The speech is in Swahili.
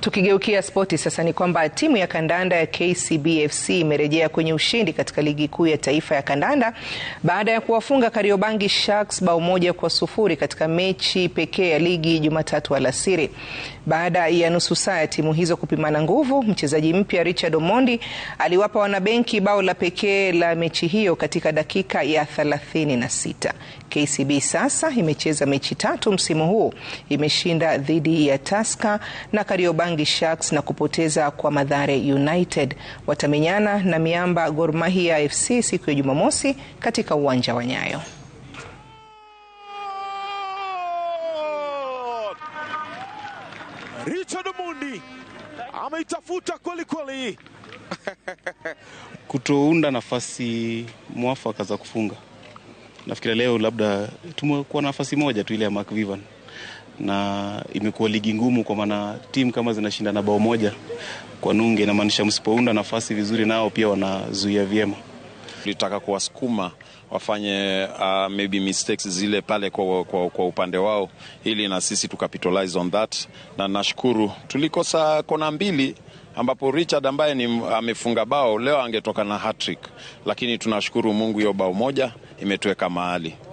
Tukigeukia spoti sasa, ni kwamba timu ya kandanda ya KCB FC imerejea kwenye ushindi katika ligi kuu ya taifa ya kandanda baada ya kuwafunga Kariobangi Sharks bao moja kwa sufuri katika mechi pekee ya ligi Jumatatu alasiri. Baada ya nusu saa ya timu hizo kupimana nguvu, mchezaji mpya Richard Omondi aliwapa wanabenki bao la pekee la mechi hiyo katika dakika ya 36. KCB sasa imecheza mechi tatu msimu huu, imeshinda dhidi ya Tusker na Kariobangi Ubangi Sharks na kupoteza kwa Mathare United. Watamenyana na miamba Gor Mahia FC siku ya Jumamosi katika uwanja wa Nyayo. Richard Mundi ameitafuta kweli kweli. Kutounda nafasi mwafaka za kufunga, nafikiria leo labda tumekuwa na nafasi moja tu ile ya Vivan na imekuwa ligi ngumu, kwa maana timu kama zinashindana bao moja kwa nunge, inamaanisha msipounda nafasi vizuri, nao pia wanazuia vyema. Tulitaka kuwasukuma wafanye uh, maybe mistakes zile pale kwa, kwa, kwa upande wao, ili na sisi tukapitalize on that, na nashukuru tulikosa kona mbili ambapo Richard ambaye ni amefunga bao leo angetoka na hat-trick, lakini tunashukuru Mungu hiyo bao moja imetuweka mahali.